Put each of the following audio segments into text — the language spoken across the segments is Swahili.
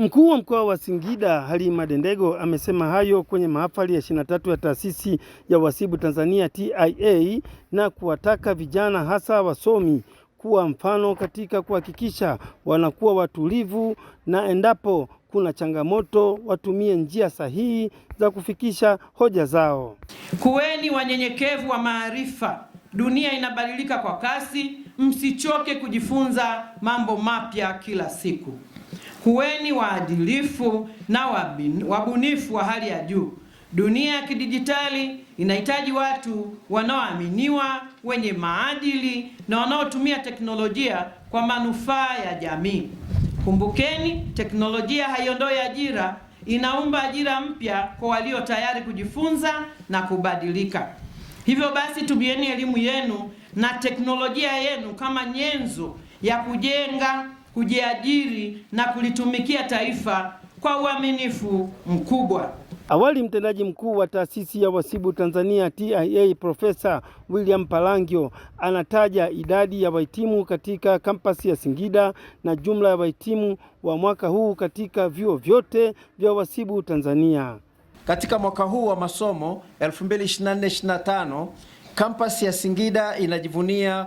Mkuu wa mkoa wa Singida Halima Dendego amesema hayo kwenye mahafali ya 23 ya taasisi ya uhasibu Tanzania TIA na kuwataka vijana hasa wasomi kuwa mfano katika kuhakikisha wanakuwa watulivu na endapo kuna changamoto watumie njia sahihi za kufikisha hoja zao. Kuweni wanyenyekevu wa maarifa. Dunia inabadilika kwa kasi, msichoke kujifunza mambo mapya kila siku kuweni waadilifu na wabunifu wa hali ya juu. Dunia ya kidijitali inahitaji watu wanaoaminiwa, wenye maadili na wanaotumia teknolojia kwa manufaa ya jamii. Kumbukeni, teknolojia haiondoi ajira, inaumba ajira mpya kwa walio tayari kujifunza na kubadilika. Hivyo basi, tumieni elimu yenu na teknolojia yenu kama nyenzo ya kujenga kujiajiri na kulitumikia taifa kwa uaminifu mkubwa. Awali mtendaji mkuu wa taasisi ya wasibu Tanzania TIA Profesa William palangio anataja idadi ya wahitimu katika kampasi ya Singida na jumla ya wahitimu wa mwaka huu katika vyuo vyote vya wasibu Tanzania. Katika mwaka huu wa masomo 2024 2025 kampasi ya Singida inajivunia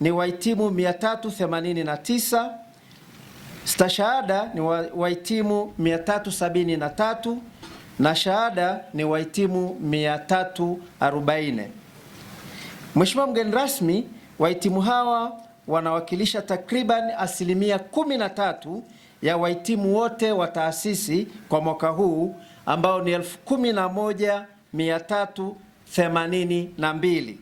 ni wahitimu 389, stashahada ni wahitimu 373 na shahada ni wahitimu 340. Mheshimiwa mgeni rasmi, wahitimu hawa wanawakilisha takriban asilimia 13 ya wahitimu wote wa taasisi kwa mwaka huu ambao ni 11382.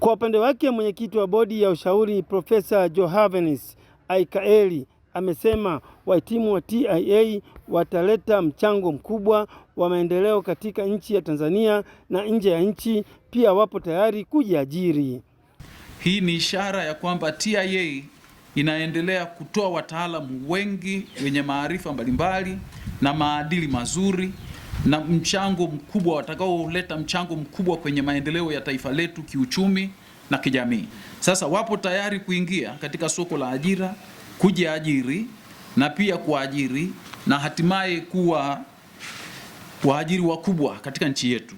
Kwa upande wake mwenyekiti wa bodi ya ushauri Profesa Johavenis Aikaeli amesema wahitimu wa TIA wataleta mchango mkubwa wa maendeleo katika nchi ya Tanzania na nje ya nchi, pia wapo tayari kujiajiri. Hii ni ishara ya kwamba TIA inaendelea kutoa wataalamu wengi wenye maarifa mbalimbali na maadili mazuri na mchango mkubwa watakaoleta mchango mkubwa kwenye maendeleo ya taifa letu kiuchumi na kijamii. Sasa wapo tayari kuingia katika soko la ajira, kujiajiri na pia kuajiri na hatimaye kuwa waajiri wakubwa katika nchi yetu.